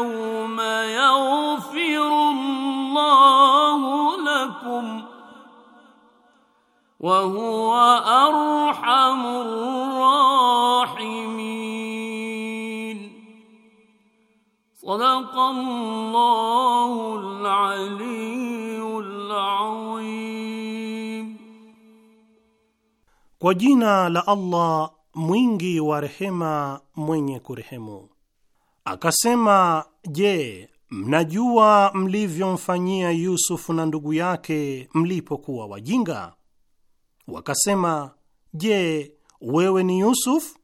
اليوم يغفر الله لكم وهو أرحم الراحمين صدق الله العلي العظيم وجينا لالله موينجي ورحمه mwingi wa Akasema, je, mnajua mlivyomfanyia Yusufu na ndugu yake mlipokuwa wajinga? Wakasema, je, wewe ni Yusuf?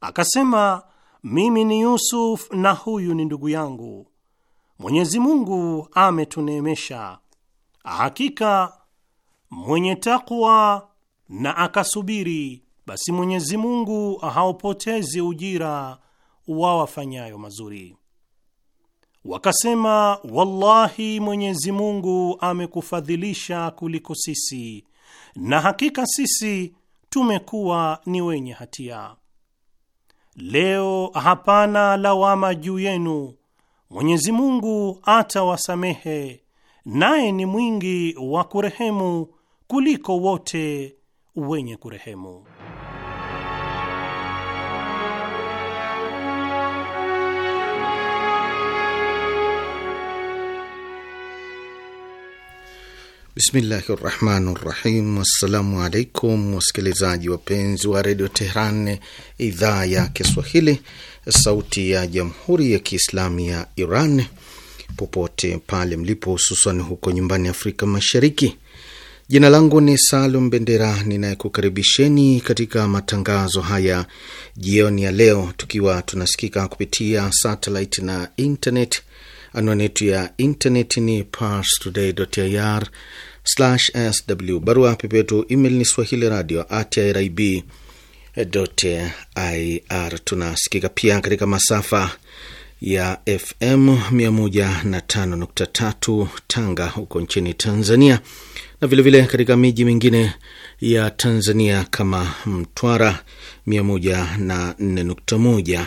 Akasema, mimi ni Yusuf na huyu ni ndugu yangu. Mwenyezi Mungu ametuneemesha. Hakika mwenye takwa na akasubiri, basi Mwenyezi Mungu haupotezi ujira wa wafanyayo mazuri. Wakasema, wallahi, Mwenyezi Mungu amekufadhilisha kuliko sisi, na hakika sisi tumekuwa ni wenye hatia. Leo hapana lawama juu yenu, Mwenyezi Mungu atawasamehe, naye ni mwingi wa kurehemu kuliko wote wenye kurehemu. Bismillahi rahmani rahim. Wassalamu alaikum wasikilizaji wapenzi wa redio Tehran, idhaa ya Kiswahili, sauti ya jamhuri ya kiislamu ya Iran, popote pale mlipo, hususan huko nyumbani Afrika Mashariki. Jina langu ni Salum Bendera ninayekukaribisheni katika matangazo haya jioni ya leo, tukiwa tunasikika kupitia satellite na internet. Anwani yetu ya internet ni parstoday.ir sw. Barua pepe yetu email ni swahili radio at irib ir. Tunasikika pia katika masafa ya FM 105.3 Tanga huko nchini Tanzania na vilevile vile katika miji mingine ya Tanzania kama Mtwara 104.1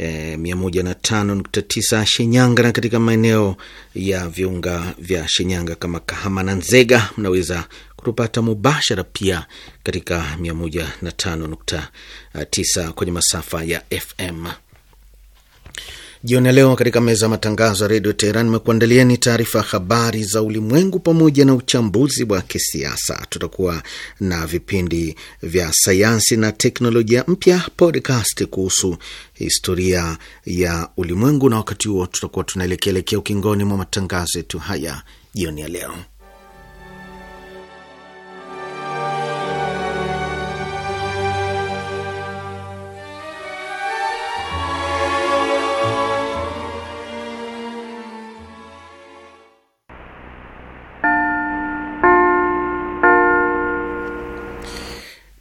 eh, 105.9 Shinyanga na katika maeneo ya viunga vya Shinyanga kama Kahama na Nzega mnaweza kutupata mubashara pia katika 105.9 kwenye masafa ya FM. Jioni ya leo katika meza ya matangazo ya redio Teheran imekuandalieni taarifa ya habari za ulimwengu pamoja na uchambuzi wa kisiasa. Tutakuwa na vipindi vya sayansi na teknolojia mpya, podcast kuhusu historia ya ulimwengu, na wakati huo tutakuwa tunaelekeelekea ukingoni mwa matangazo yetu haya jioni ya leo.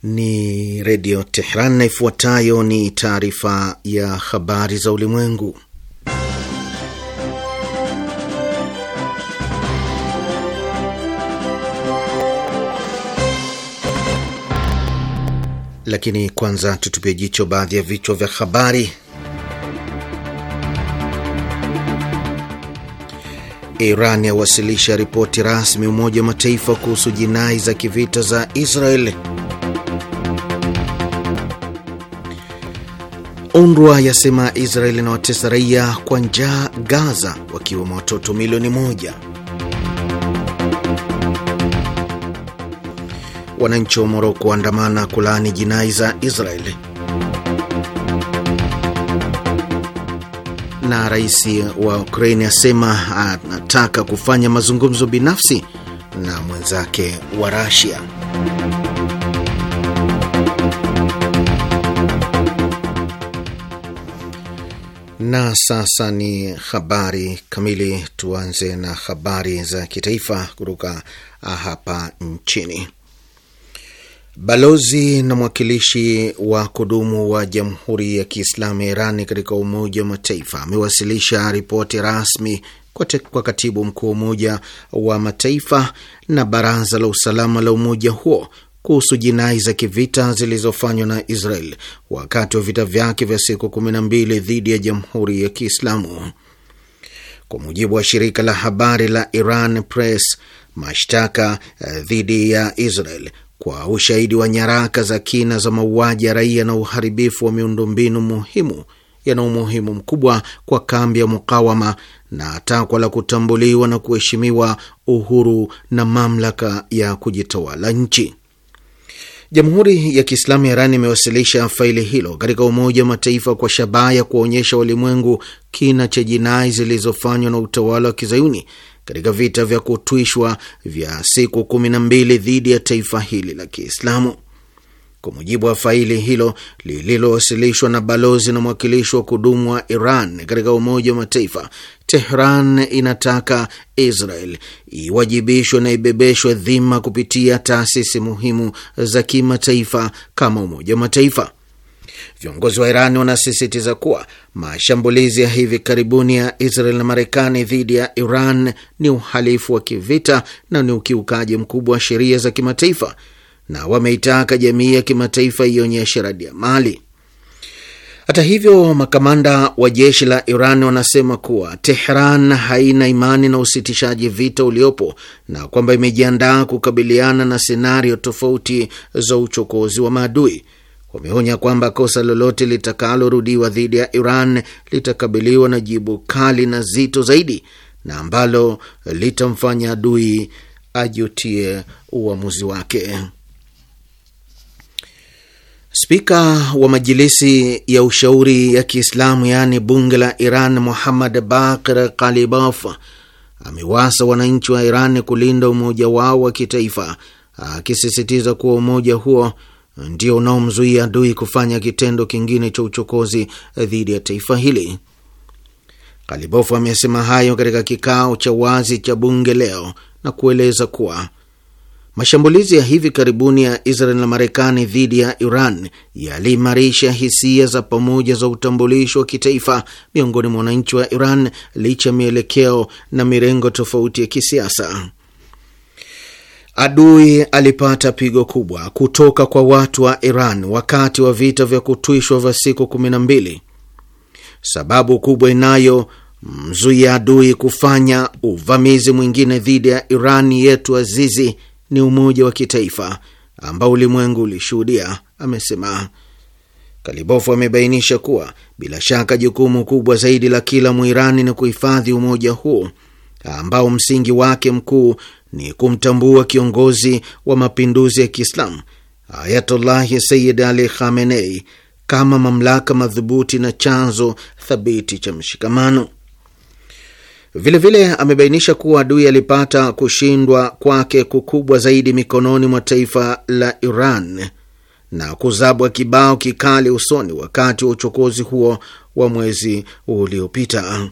ni Redio Tehran, na ifuatayo ni taarifa ya habari za ulimwengu. Lakini kwanza tutupie jicho baadhi ya vichwa vya habari. Iran yawasilisha ripoti rasmi Umoja wa Mataifa kuhusu jinai za kivita za Israeli. UNRWA yasema Israeli inawatesa raia kwa njaa Gaza, wakiwemo watoto milioni moja. Wananchi wa Moroko waandamana kulaani jinai za Israeli. Na rais wa Ukraini asema anataka kufanya mazungumzo binafsi na mwenzake wa Rasia. Na sasa ni habari kamili. Tuanze na habari za kitaifa kutoka ah, hapa nchini. Balozi na mwakilishi wa kudumu wa Jamhuri ya Kiislamu ya Irani katika Umoja wa Mataifa amewasilisha ripoti rasmi kwa, kwa katibu mkuu wa Umoja wa Mataifa na Baraza la Usalama la umoja huo kuhusu jinai za kivita zilizofanywa na Israel wakati wa vita vyake vya siku 12 dhidi ya Jamhuri ya Kiislamu. Kwa mujibu wa shirika la habari la Iran Press, mashtaka eh, dhidi ya Israel kwa ushahidi wa nyaraka za kina za mauaji ya raia na uharibifu wa miundombinu muhimu yana umuhimu mkubwa kwa kambi ya mukawama na takwa la kutambuliwa na kuheshimiwa uhuru na mamlaka ya kujitawala nchi. Jamhuri ya Kiislamu ya Iran imewasilisha faili hilo katika Umoja wa Mataifa kwa shabaha ya kuwaonyesha walimwengu kina cha jinai zilizofanywa na utawala wa kizayuni katika vita vya kutwishwa vya siku kumi na mbili dhidi ya taifa hili la Kiislamu. Kwa mujibu wa faili hilo lililowasilishwa na balozi na mwakilishi wa kudumu wa Iran katika Umoja wa Mataifa, Tehran inataka Israel iwajibishwe na ibebeshwe dhima kupitia taasisi muhimu za kimataifa kama Umoja wa Mataifa. Viongozi wa Iran wanasisitiza kuwa mashambulizi ya hivi karibuni ya Israel na Marekani dhidi ya Iran ni uhalifu wa kivita na ni ukiukaji mkubwa wa sheria za kimataifa na wameitaka jamii ya kimataifa ionyeshe radi ya mali. Hata hivyo, makamanda wa jeshi la Iran wanasema kuwa Tehran haina imani na usitishaji vita uliopo na kwamba imejiandaa kukabiliana na senario tofauti za uchokozi wa maadui. Wameonya kwamba kosa lolote litakalorudiwa dhidi ya Iran litakabiliwa na jibu kali na zito zaidi na ambalo litamfanya adui ajutie uamuzi wake. Spika wa Majilisi ya Ushauri ya Kiislamu yaani bunge la Iran, Muhammad bakr Kalibaf amewasa wananchi wa Iran kulinda umoja wao wa kitaifa, akisisitiza kuwa umoja huo ndio unaomzuia adui kufanya kitendo kingine cha uchokozi dhidi ya taifa hili. kalibof amesema hayo katika kikao cha wazi cha bunge leo na kueleza kuwa Mashambulizi ya hivi karibuni ya Israel na Marekani dhidi ya Iran yaliimarisha hisia za pamoja za utambulisho wa kitaifa miongoni mwa wananchi wa Iran licha ya mielekeo na mirengo tofauti ya kisiasa. Adui alipata pigo kubwa kutoka kwa watu wa Iran wakati wa vita vya kutwishwa vya siku kumi na mbili. Sababu kubwa inayo mzuia adui kufanya uvamizi mwingine dhidi ya Iran yetu azizi ni umoja wa kitaifa ambao ulimwengu ulishuhudia, amesema. Kalibofu amebainisha kuwa bila shaka jukumu kubwa zaidi la kila Mwirani ni kuhifadhi umoja huo ambao msingi wake mkuu ni kumtambua kiongozi wa mapinduzi ya Kiislamu Ayatullahi Sayyid Ali Khamenei kama mamlaka madhubuti na chanzo thabiti cha mshikamano. Vilevile amebainisha kuwa adui alipata kushindwa kwake kukubwa zaidi mikononi mwa taifa la Iran na kuzabwa kibao kikali usoni wakati wa uchokozi huo wa mwezi uliopita.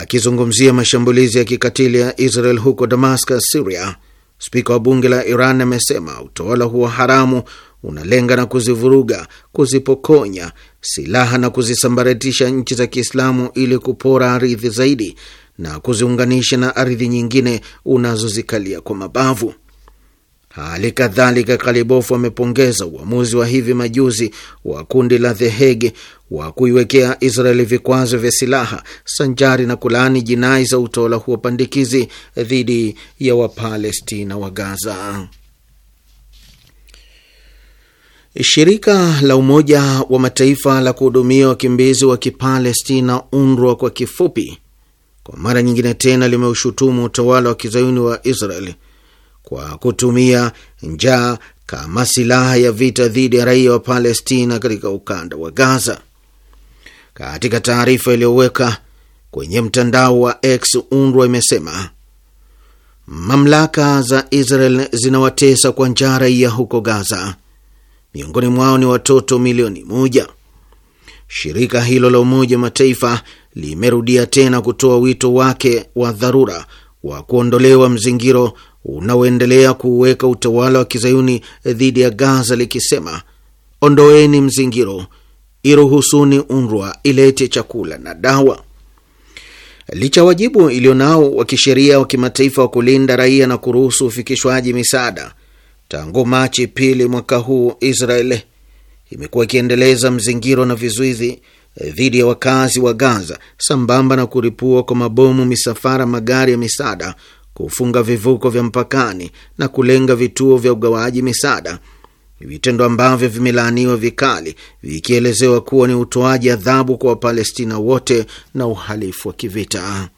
Akizungumzia mashambulizi ya kikatili ya Israel huko Damascus, Syria, spika wa bunge la Iran amesema utawala huo haramu unalenga na kuzivuruga, kuzipokonya silaha na kuzisambaratisha nchi za Kiislamu ili kupora ardhi zaidi na kuziunganisha na ardhi nyingine unazozikalia kwa mabavu. Hali kadhalika Kalibofu amepongeza uamuzi wa hivi majuzi wa kundi la The Hague wa kuiwekea Israeli vikwazo vya silaha sanjari na kulaani jinai za utawala huo pandikizi dhidi ya Wapalestina wa Gaza. Shirika la Umoja wa Mataifa la kuhudumia wakimbizi wa Kipalestina, UNRWA kwa kifupi, kwa mara nyingine tena limeushutumu utawala wa kizayuni wa Israel kwa kutumia njaa kama silaha ya vita dhidi ya raia wa Palestina katika ukanda wa Gaza. Katika taarifa iliyoweka kwenye mtandao wa X, UNRWA imesema mamlaka za Israel zinawatesa kwa njaa raia huko Gaza miongoni mwao ni watoto milioni moja. Shirika hilo la Umoja Mataifa limerudia tena kutoa wito wake wa dharura wa kuondolewa mzingiro unaoendelea kuuweka utawala wa kizayuni dhidi ya Gaza likisema, ondoeni mzingiro, iruhusuni UNRWA ilete chakula na dawa. Licha wajibu nao wa kisheria wa kimataifa wa kulinda raia na kuruhusu ufikishwaji misaada Tangu Machi pili mwaka huu, Israel imekuwa ikiendeleza mzingiro na vizuizi eh, dhidi ya wakazi wa Gaza sambamba na kuripua kwa mabomu misafara magari ya misaada, kufunga vivuko vya mpakani na kulenga vituo vya ugawaji misaada, vitendo ambavyo vimelaaniwa vikali, vikielezewa kuwa ni utoaji adhabu kwa Wapalestina wote na uhalifu wa kivita.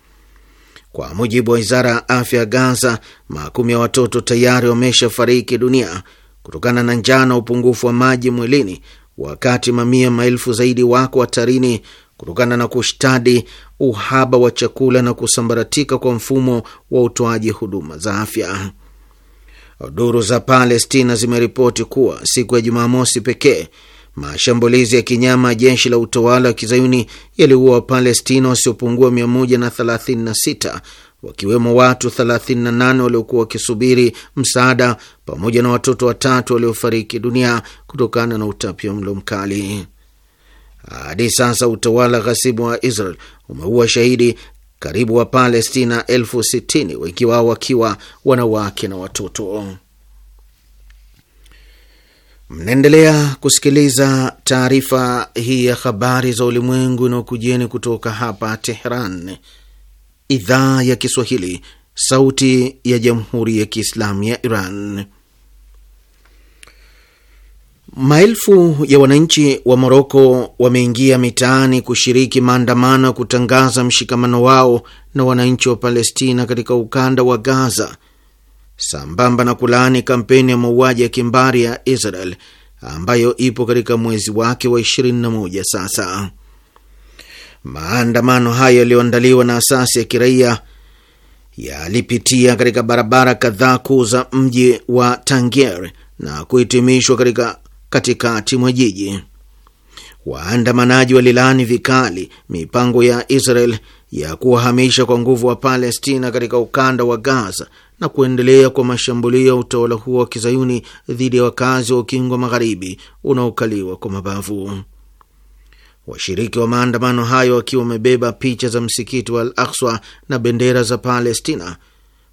Kwa mujibu wa wizara ya afya ya Gaza, makumi ya watoto tayari wameshafariki dunia kutokana na njaa na upungufu wa maji mwilini, wakati mamia maelfu zaidi wako hatarini kutokana na kushtadi uhaba wa chakula na kusambaratika kwa mfumo wa utoaji huduma za afya. Duru za Palestina zimeripoti kuwa siku ya Jumamosi pekee Mashambulizi ya kinyama jeshi la utawala wa kizayuni yaliua Wapalestina wasiopungua 136 wakiwemo watu 38 waliokuwa wakisubiri msaada pamoja na watoto watatu waliofariki dunia kutokana na utapia mlo mkali. Hadi sasa utawala ghasibu wa Israel umeua shahidi karibu Wapalestina elfu 60 wengi wao wakiwa wanawake na watoto. Mnaendelea kusikiliza taarifa hii ya habari za ulimwengu inayokujieni kutoka hapa Tehran, idhaa ya Kiswahili, sauti ya jamhuri ya kiislamu ya Iran. Maelfu ya wananchi wa Moroko wameingia mitaani kushiriki maandamano ya kutangaza mshikamano wao na wananchi wa Palestina katika ukanda wa Gaza sambamba na kulaani kampeni ya mauaji ya kimbari ya Israel ambayo ipo katika mwezi wake wa 21 sasa. Maandamano hayo yaliyoandaliwa na asasi ya kiraia yalipitia katika barabara kadhaa kuu za mji wa Tangier na kuhitimishwa katika katikati mwa jiji. Waandamanaji walilaani vikali mipango ya Israel ya kuwahamisha kwa nguvu wa Palestina katika ukanda wa Gaza na kuendelea kwa mashambulio ya utawala huo wa kizayuni dhidi ya wakazi wa ukingo wa magharibi unaokaliwa kwa mabavu. Washiriki wa maandamano hayo wakiwa wamebeba picha za msikiti wa Al Akswa na bendera za Palestina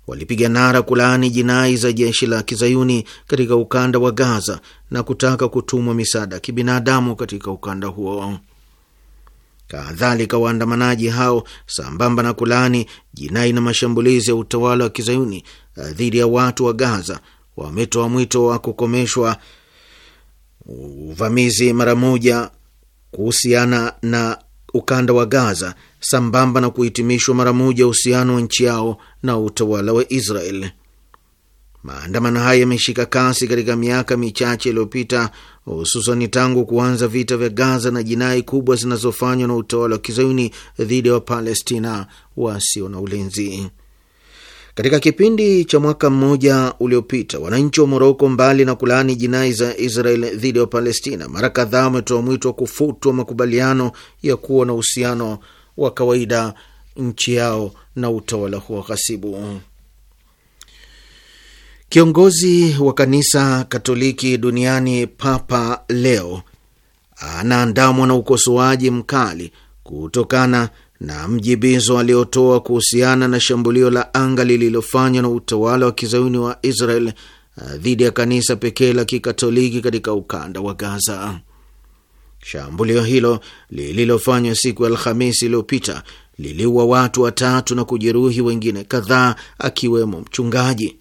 walipiga nara kulaani jinai za jeshi la kizayuni katika ukanda wa Gaza na kutaka kutumwa misaada ya kibinadamu katika ukanda huo. Kadhalika, waandamanaji hao sambamba na kulaani jinai na mashambulizi ya utawala wa kizayuni eh, dhidi ya watu wa Gaza wametoa mwito wa kukomeshwa uvamizi mara moja kuhusiana na ukanda wa Gaza sambamba na kuhitimishwa mara moja uhusiano wa nchi yao na utawala wa Israeli. Maandamano haya yameshika kasi katika miaka michache iliyopita, hususan tangu kuanza vita vya Gaza na jinai kubwa zinazofanywa na utawala wa kizayuni dhidi ya Wapalestina wasio na ulinzi. Katika kipindi cha mwaka mmoja uliopita, wananchi wa Moroko, mbali na kulaani jinai za Israel dhidi ya wapalestina mara kadhaa wametoa mwito wa kufutwa makubaliano ya kuwa na uhusiano wa kawaida nchi yao na utawala huo ghasibu. Kiongozi wa kanisa Katoliki duniani Papa Leo anaandamwa na ukosoaji mkali kutokana na mjibizo aliotoa kuhusiana na shambulio la anga lililofanywa na utawala wa kizayuni wa Israel uh, dhidi ya kanisa pekee la kikatoliki katika ukanda wa Gaza. Shambulio hilo lililofanywa siku ya Alhamisi iliyopita liliua watu watatu na kujeruhi wengine kadhaa, akiwemo mchungaji.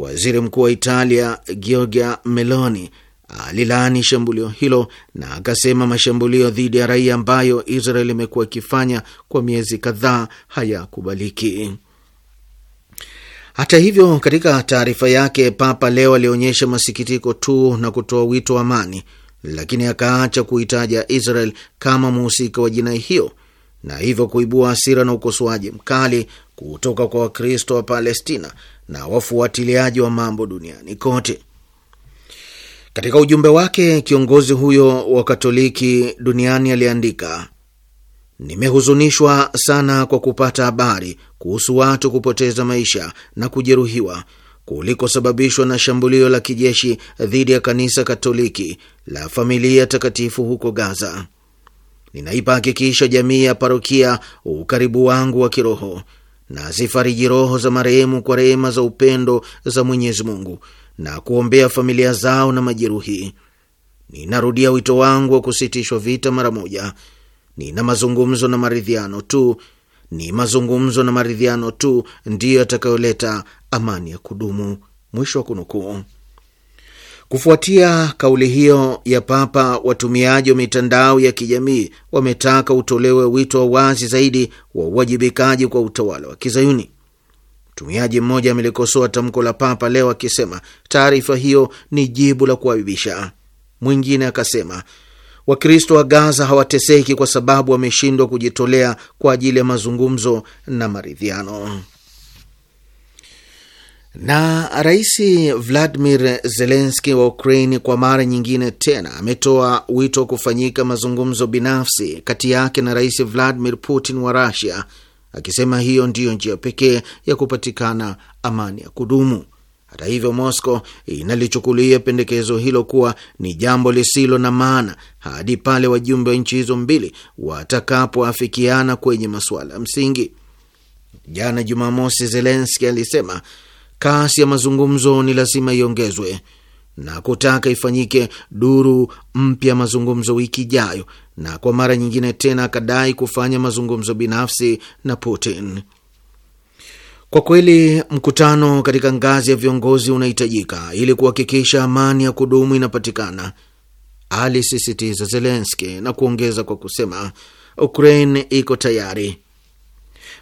Waziri mkuu wa Italia Giorgia Meloni alilaani shambulio hilo na akasema mashambulio dhidi ya raia ambayo Israel imekuwa ikifanya kwa miezi kadhaa hayakubaliki. Hata hivyo, katika taarifa yake, Papa leo alionyesha masikitiko tu na kutoa wito wa amani, lakini akaacha kuitaja Israel kama mhusika wa jinai hiyo na hivyo kuibua hasira na ukosoaji mkali kutoka kwa Wakristo wa Palestina na wafuatiliaji wa mambo duniani kote. Katika ujumbe wake, kiongozi huyo wa Katoliki duniani aliandika, nimehuzunishwa sana kwa kupata habari kuhusu watu kupoteza maisha na kujeruhiwa kulikosababishwa na shambulio la kijeshi dhidi ya kanisa Katoliki la Familia Takatifu huko Gaza. Ninaipa hakikisho jamii ya parokia ukaribu wangu wa kiroho na zifariji roho za marehemu kwa rehema za upendo za Mwenyezi Mungu na kuombea familia zao na majeruhi. Ninarudia wito wangu wa kusitishwa vita mara moja. Nina mazungumzo na maridhiano tu, ni mazungumzo na maridhiano tu ndiyo yatakayoleta amani ya kudumu. Mwisho wa kunukuu. Kufuatia kauli hiyo ya Papa, watumiaji wa mitandao ya kijamii wametaka utolewe wito wa wazi zaidi wa uwajibikaji kwa utawala wa Kizayuni. Mtumiaji mmoja amelikosoa tamko la Papa leo akisema taarifa hiyo ni jibu la kuaibisha. Mwingine akasema Wakristo wa Gaza hawateseki kwa sababu wameshindwa kujitolea kwa ajili ya mazungumzo na maridhiano. Na Rais Vladimir Zelenski wa Ukraini kwa mara nyingine tena ametoa wito wa kufanyika mazungumzo binafsi kati yake na Rais Vladimir Putin wa Russia, akisema hiyo ndiyo njia pekee ya kupatikana amani ya kudumu. Hata hivyo, Moscow inalichukulia pendekezo hilo kuwa ni jambo lisilo na maana hadi pale wajumbe wa nchi hizo mbili watakapoafikiana kwenye masuala ya msingi. Jana Jumamosi, Zelenski alisema kasi ya mazungumzo ni lazima iongezwe na kutaka ifanyike duru mpya mazungumzo wiki ijayo, na kwa mara nyingine tena akadai kufanya mazungumzo binafsi na Putin. Kwa kweli mkutano katika ngazi ya viongozi unahitajika ili kuhakikisha amani ya kudumu inapatikana, alisisitiza Zelenski na kuongeza kwa kusema Ukraine iko tayari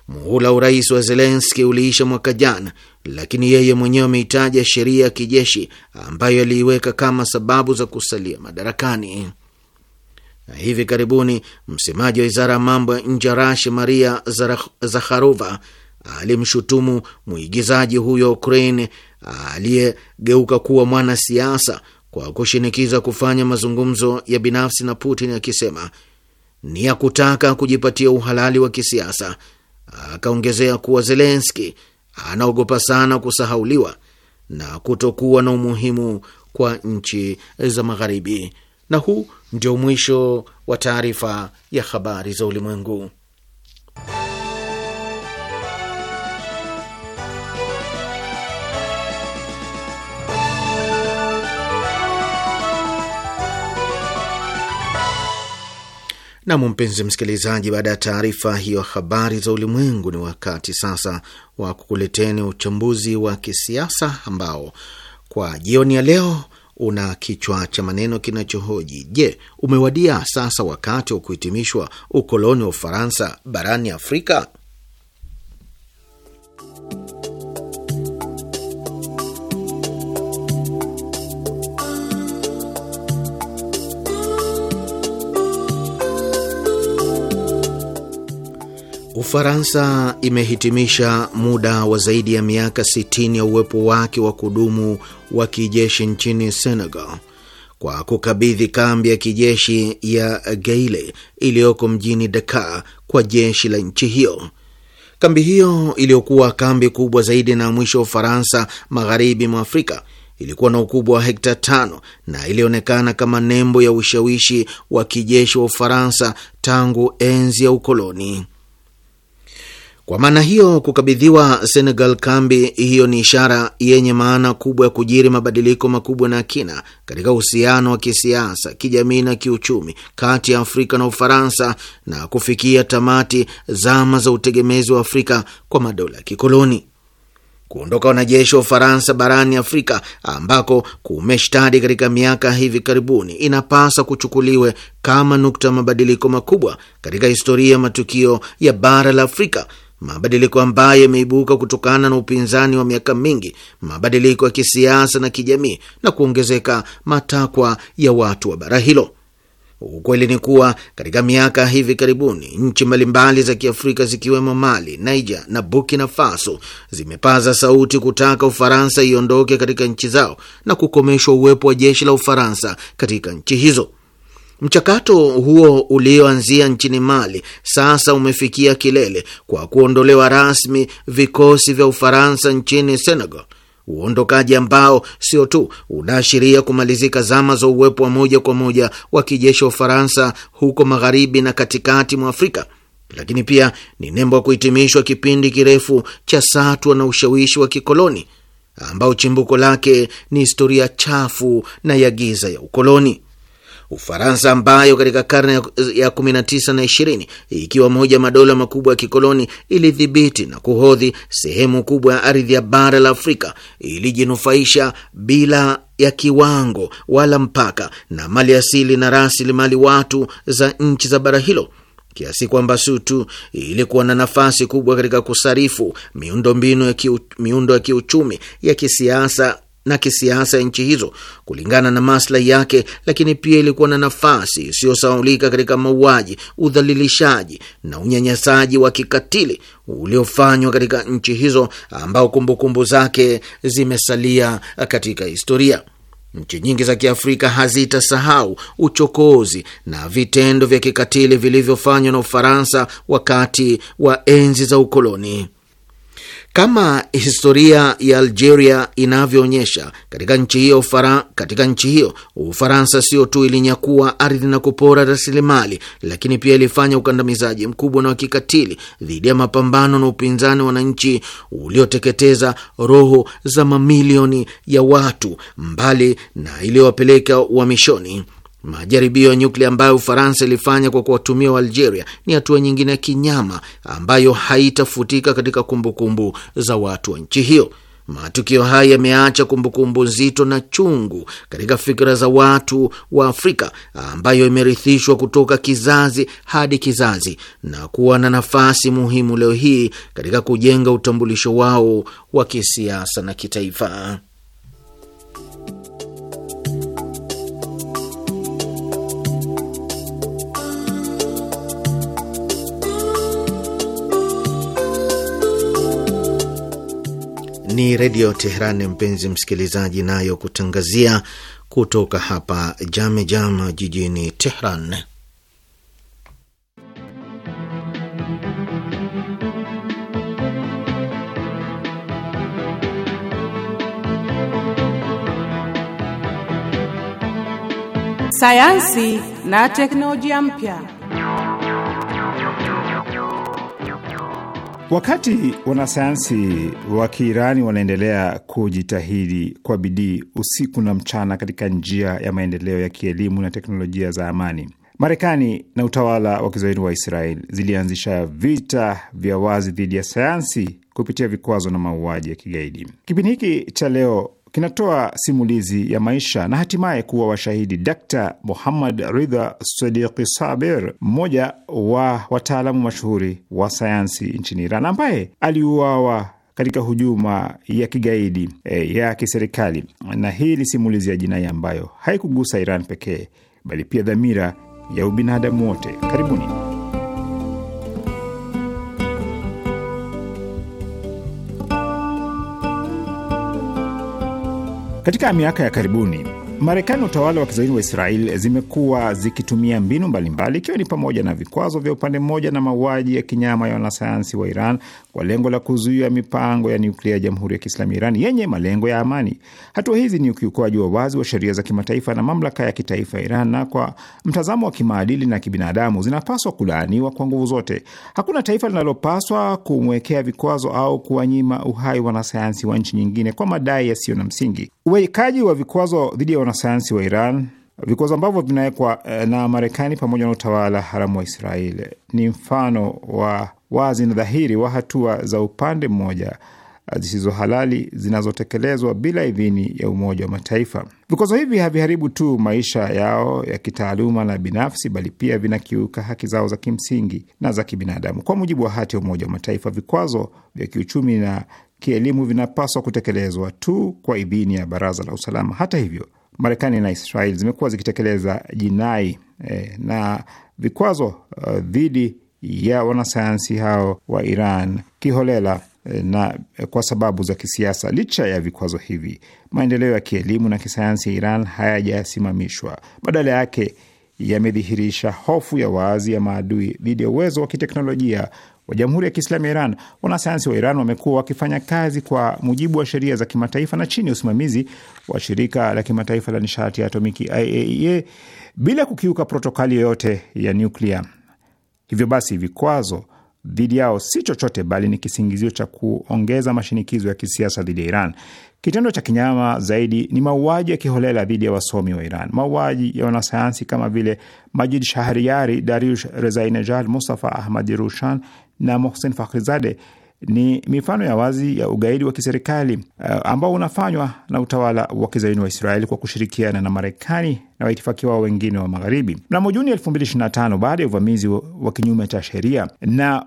Muhula urais wa Zelenski uliisha mwaka jana, lakini yeye mwenyewe ameitaja sheria ya kijeshi ambayo aliiweka kama sababu za kusalia madarakani. Na hivi karibuni msemaji wa wizara ya mambo ya nje ya Rashi, Maria Zakharova, alimshutumu mwigizaji huyo wa Ukraine aliyegeuka kuwa mwanasiasa kwa kushinikiza kufanya mazungumzo ya binafsi na Putin, akisema ni ya kutaka kujipatia uhalali wa kisiasa Akaongezea kuwa Zelenski anaogopa sana kusahauliwa na kutokuwa na umuhimu kwa nchi za Magharibi. Na huu ndio mwisho wa taarifa ya habari za ulimwengu. Nam, mpenzi msikilizaji, baada ya taarifa hiyo habari za ulimwengu, ni wakati sasa wa kukuleteni uchambuzi wa kisiasa ambao kwa jioni ya leo una kichwa cha maneno kinachohoji: Je, umewadia sasa wakati wa kuhitimishwa ukoloni wa Ufaransa barani Afrika? Ufaransa imehitimisha muda wa zaidi ya miaka 60 ya uwepo wake wa kudumu wa kijeshi nchini Senegal kwa kukabidhi kambi ya kijeshi ya Geile iliyoko mjini Dakar kwa jeshi la nchi hiyo. Kambi hiyo iliyokuwa kambi kubwa zaidi na mwisho wa Ufaransa magharibi mwa Afrika ilikuwa na ukubwa wa hekta tano na ilionekana kama nembo ya ushawishi wa kijeshi wa Ufaransa tangu enzi ya ukoloni. Kwa maana hiyo, kukabidhiwa Senegal kambi hiyo ni ishara yenye maana kubwa ya kujiri mabadiliko makubwa na kina katika uhusiano wa kisiasa, kijamii na kiuchumi kati ya Afrika na Ufaransa na kufikia tamati zama za utegemezi wa Afrika kwa madola ya kikoloni. Kuondoka wanajeshi wa Ufaransa barani Afrika ambako kumeshtadi katika miaka hivi karibuni inapasa kuchukuliwe kama nukta mabadiliko makubwa katika historia ya matukio ya bara la Afrika mabadiliko ambayo yameibuka kutokana na upinzani wa miaka mingi, mabadiliko ya kisiasa na kijamii, na kuongezeka matakwa ya watu wa bara hilo. Ukweli ni kuwa katika miaka hivi karibuni nchi mbalimbali za Kiafrika zikiwemo Mali, Niger na Burkina Faso zimepaza sauti kutaka Ufaransa iondoke katika nchi zao na kukomeshwa uwepo wa jeshi la Ufaransa katika nchi hizo. Mchakato huo ulioanzia nchini Mali sasa umefikia kilele kwa kuondolewa rasmi vikosi vya Ufaransa nchini Senegal, uondokaji ambao sio tu unaashiria kumalizika zama za uwepo wa moja kwa moja wa kijeshi wa Ufaransa huko magharibi na katikati mwa Afrika, lakini pia ni nembo ya kuhitimishwa kipindi kirefu cha satwa na ushawishi wa kikoloni ambao chimbuko lake ni historia chafu na ya giza ya ukoloni. Ufaransa ambayo katika karne ya 19 na 20 ikiwa moja madola makubwa ya kikoloni ilidhibiti na kuhodhi sehemu kubwa ya ardhi ya bara la Afrika ilijinufaisha bila ya kiwango wala mpaka na mali asili na rasilimali watu za nchi za bara hilo kiasi kwamba Sutu ilikuwa na nafasi kubwa katika kusarifu miundo mbinu ya kiu, miundo ya kiuchumi ya kisiasa na kisiasa ya nchi hizo kulingana na maslahi yake, lakini pia ilikuwa na nafasi isiyosaulika katika mauaji, udhalilishaji na unyanyasaji wa kikatili uliofanywa katika nchi hizo, ambao kumbukumbu zake zimesalia katika historia. Nchi nyingi za Kiafrika hazitasahau uchokozi na vitendo vya kikatili vilivyofanywa na Ufaransa wakati wa enzi za ukoloni. Kama historia ya Algeria inavyoonyesha, katika nchi hiyo katika nchi hiyo Ufaransa sio tu ilinyakua ardhi na kupora rasilimali, lakini pia ilifanya ukandamizaji mkubwa na wa kikatili dhidi ya mapambano na upinzani wa wananchi ulioteketeza roho za mamilioni ya watu, mbali na iliyowapeleka uhamishoni wa Majaribio ya nyuklia ambayo Ufaransa ilifanya kwa kuwatumia Waalgeria ni hatua nyingine ya kinyama ambayo haitafutika katika kumbukumbu kumbu za watu wa nchi hiyo. Matukio haya yameacha kumbukumbu nzito na chungu katika fikra za watu wa Afrika ambayo imerithishwa kutoka kizazi hadi kizazi na kuwa na nafasi muhimu leo hii katika kujenga utambulisho wao wa kisiasa na kitaifa. ni Redio Teheran, mpenzi msikilizaji, nayo kutangazia kutoka hapa Jamejama Jam, jijini Teheran. Sayansi na teknolojia mpya. Wakati wanasayansi wa Kiirani wanaendelea kujitahidi kwa bidii usiku na mchana katika njia ya maendeleo ya kielimu na teknolojia za amani, Marekani na utawala wa kizayuni wa Israeli zilianzisha vita vya wazi dhidi ya sayansi kupitia vikwazo na mauaji ya kigaidi. Kipindi hiki cha leo kinatoa simulizi ya maisha na hatimaye kuwa washahidi dkt Muhammad Ridha Sadiqi Saber, mmoja wa wataalamu mashuhuri wa sayansi nchini Iran ambaye aliuawa katika hujuma ya kigaidi e, ya kiserikali. Na hii ni simulizi ya jinai ambayo haikugusa Iran pekee, bali pia dhamira ya ubinadamu wote. Karibuni. Katika miaka ya karibuni Marekani na utawala wa kizaini wa Israel zimekuwa zikitumia mbinu mbalimbali, ikiwa ni pamoja na vikwazo vya upande mmoja na mauaji ya kinyama ya wanasayansi wa Iran kwa lengo la kuzuia mipango ya nyuklia ya Jamhuri ya Kiislamu ya Iran yenye malengo ya amani. Hatua hizi ni ukiukoaji wa wazi wa sheria za kimataifa na mamlaka ya kitaifa ya Iran, na kwa mtazamo wa kimaadili na kibinadamu zinapaswa kulaaniwa kwa nguvu zote. Hakuna taifa linalopaswa kumwekea vikwazo au kuwanyima uhai wanasayansi wa nchi nyingine kwa madai yasiyo na msingi. Uwekaji wa vikwazo dhidi ya wanasayansi wa Iran vikwazo ambavyo vinawekwa eh, na Marekani pamoja na utawala haramu wa Israeli ni mfano wa wazi na dhahiri wa hatua za upande mmoja uh, zisizo halali zinazotekelezwa bila idhini ya Umoja wa Mataifa. Vikwazo hivi haviharibu tu maisha yao ya kitaaluma na binafsi, bali pia vinakiuka haki zao za kimsingi na za kibinadamu. Kwa mujibu wa hati ya Umoja wa Mataifa, vikwazo vya kiuchumi na kielimu vinapaswa kutekelezwa tu kwa idhini ya Baraza la Usalama. Hata hivyo, Marekani na Israel zimekuwa zikitekeleza jinai eh, na vikwazo uh, dhidi ya wanasayansi hao wa Iran kiholela eh, na eh, kwa sababu za kisiasa. Licha ya vikwazo hivi, maendeleo ya kielimu na kisayansi ya Iran hayajasimamishwa, badala yake yamedhihirisha hofu ya wazi ya maadui dhidi ya uwezo wa kiteknolojia wa Jamhuri ya Kiislamu ya Iran. Wanasayansi wa Iran wamekuwa wakifanya kazi kwa mujibu wa sheria za kimataifa na chini ya usimamizi wa Shirika la Kimataifa la Nishati ya Atomiki, IAEA, e bila kukiuka protokali yoyote ya nuklia. Hivyo basi vikwazo dhidi yao si chochote bali ni kisingizio cha kuongeza mashinikizo ya kisiasa dhidi ya Iran. Kitendo cha kinyama zaidi ni mauaji ya kiholela dhidi ya wasomi wa Iran, mauaji ya wanasayansi kama vile Majid Shahriari, Dariush Rezainejad, Mustafa Ahmadi Rushan na Mohsen Fakhrizade ni mifano ya wazi ya ugaidi wa kiserikali uh, ambao unafanywa na utawala wa kizaini wa Israeli kwa kushirikiana na Marekani na waitifaki wao wengine wa Magharibi. Mnamo Juni 2025 baada ya uvamizi wa kinyume cha sheria na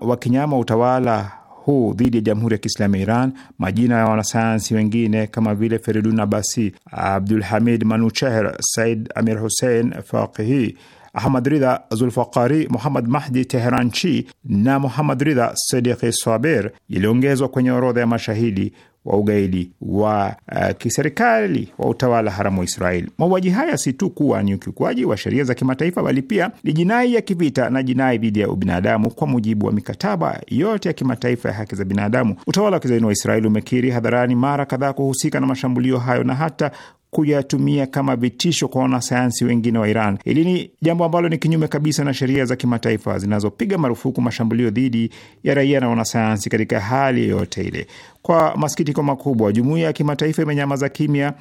wa utawala huu dhidi ya Jamhuri ya Kiislamu ya Iran, majina ya wanasayansi wengine kama vile Feridun Abasi, Abdul Hamid Said Amir Hussein Faqihi Ahmad Ridha Zulfaqari, Muhammad Mahdi Teheranchi na Muhammad Ridha Sediki Swaber iliongezwa kwenye orodha ya mashahidi wa ugaidi wa uh, kiserikali wa utawala haramu wa Israeli. Mauaji haya si tu kuwa ni ukiukwaji wa sheria za kimataifa, bali pia ni jinai ya kivita na jinai dhidi ya ubinadamu kwa mujibu wa mikataba yote ya kimataifa ya haki za binadamu. Utawala wa kizaini wa Israeli umekiri hadharani mara kadhaa kuhusika na mashambulio hayo na hata kuyatumia kama vitisho kwa wanasayansi wengine wa Iran. Hili ni jambo ambalo ni kinyume kabisa na sheria za kimataifa zinazopiga marufuku mashambulio dhidi ya raia na wanasayansi katika hali yoyote ile. Kwa masikitiko makubwa, jumuiya ya kimataifa imenyamaza kimya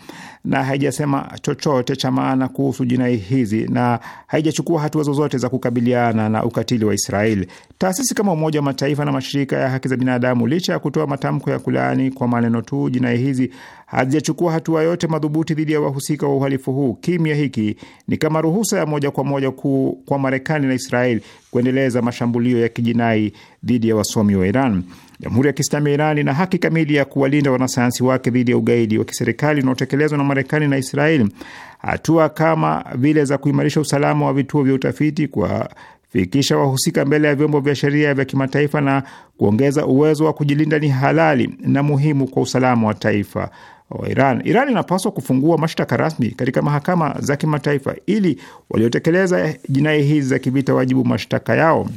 na haijasema chochote cha maana kuhusu jinai hizi na haijachukua hatua zozote za kukabiliana na ukatili wa Israeli. Taasisi kama Umoja wa Mataifa na mashirika ya haki za binadamu, licha ya kutoa matamko ya kulaani kwa maneno tu jinai hizi, hazijachukua hatua yote madhubuti dhidi ya wahusika wa uhalifu huu. Kimya hiki ni kama ruhusa ya moja kwa moja ku, kwa Marekani na Israel kuendeleza mashambulio ya kijinai dhidi ya wasomi wa Iran. Jamhuri ya Kiislamu ya Iran ina haki kamili ya kuwalinda wanasayansi wake dhidi ya ugaidi wa kiserikali unaotekelezwa na Marekani na Israel. Hatua kama vile za kuimarisha usalama wa vituo vya utafiti kwa fikisha wahusika mbele ya vyombo vya sheria vya kimataifa na kuongeza uwezo wa kujilinda ni halali na muhimu kwa usalama wa taifa wa Iran. Iran inapaswa kufungua mashtaka rasmi katika mahakama za kimataifa ili waliotekeleza jinai hizi za kivita wajibu mashtaka yao.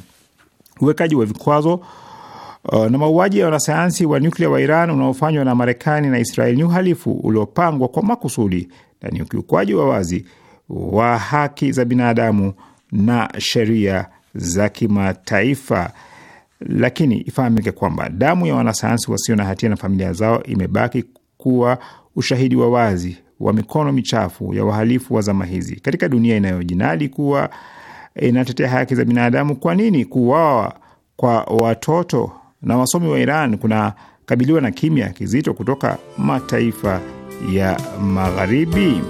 Uwekaji wa vikwazo uh, na mauaji ya wanasayansi wa nyuklia wa Iran unaofanywa na Marekani na Israel ni uhalifu uliopangwa kwa makusudi na ni ukiukwaji wa wazi wa haki za binadamu na sheria za kimataifa. Lakini ifahamike kwamba damu ya wanasayansi wasio na hatia na familia zao imebaki kuwa ushahidi wa wazi wa mikono michafu ya wahalifu wa zama hizi. Katika dunia inayojinadi kuwa eh, inatetea haki za binadamu, kwa nini kuuawa kwa watoto na wasomi wa Iran kunakabiliwa na kimya kizito kutoka mataifa ya Magharibi?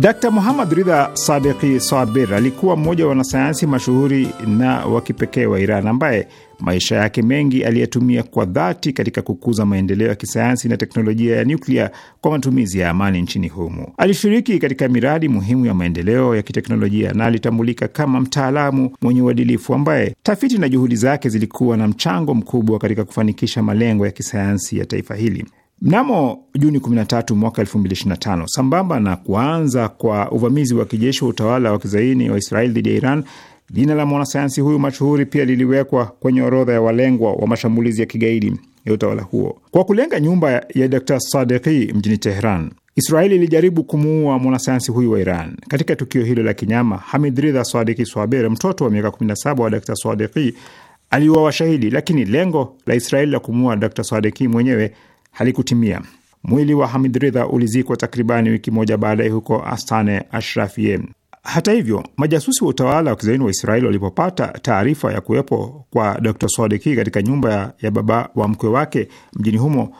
dkt Muhammad Ridha Sadiki Sabir alikuwa mmoja wa wanasayansi mashuhuri na wa kipekee wa Iran ambaye maisha yake mengi aliyetumia kwa dhati katika kukuza maendeleo ya kisayansi na teknolojia ya nyuklia kwa matumizi ya amani nchini humo. Alishiriki katika miradi muhimu ya maendeleo ya kiteknolojia na alitambulika kama mtaalamu mwenye uadilifu ambaye tafiti na juhudi zake zilikuwa na mchango mkubwa katika kufanikisha malengo ya kisayansi ya taifa hili. Mnamo Juni 13 mwaka 2025, sambamba na kuanza kwa uvamizi wa kijeshi wa utawala wa kizaini wa Israeli dhidi ya Iran, jina la mwanasayansi huyu mashuhuri pia liliwekwa kwenye orodha ya walengwa wa mashambulizi ya kigaidi ya utawala huo. Kwa kulenga nyumba ya Dr Sadiki mjini Teheran, Israeli ilijaribu kumuua mwanasayansi huyu wa Iran. Katika tukio hilo la kinyama, Hamid Ridha Sadiki Swaber, mtoto wa miaka 17 wa Dr Sadiki, aliuawa shahidi, lakini lengo la Israeli la kumuua Dr Sadiki mwenyewe halikutimia. Mwili wa Hamid Ridha ulizikwa takribani wiki moja baadaye huko Astane Ashrafie. Hata hivyo, majasusi wa utawala wa kizaini wa Israeli walipopata taarifa ya kuwepo kwa Dr Swadiki katika nyumba ya baba wa mkwe wake mjini humo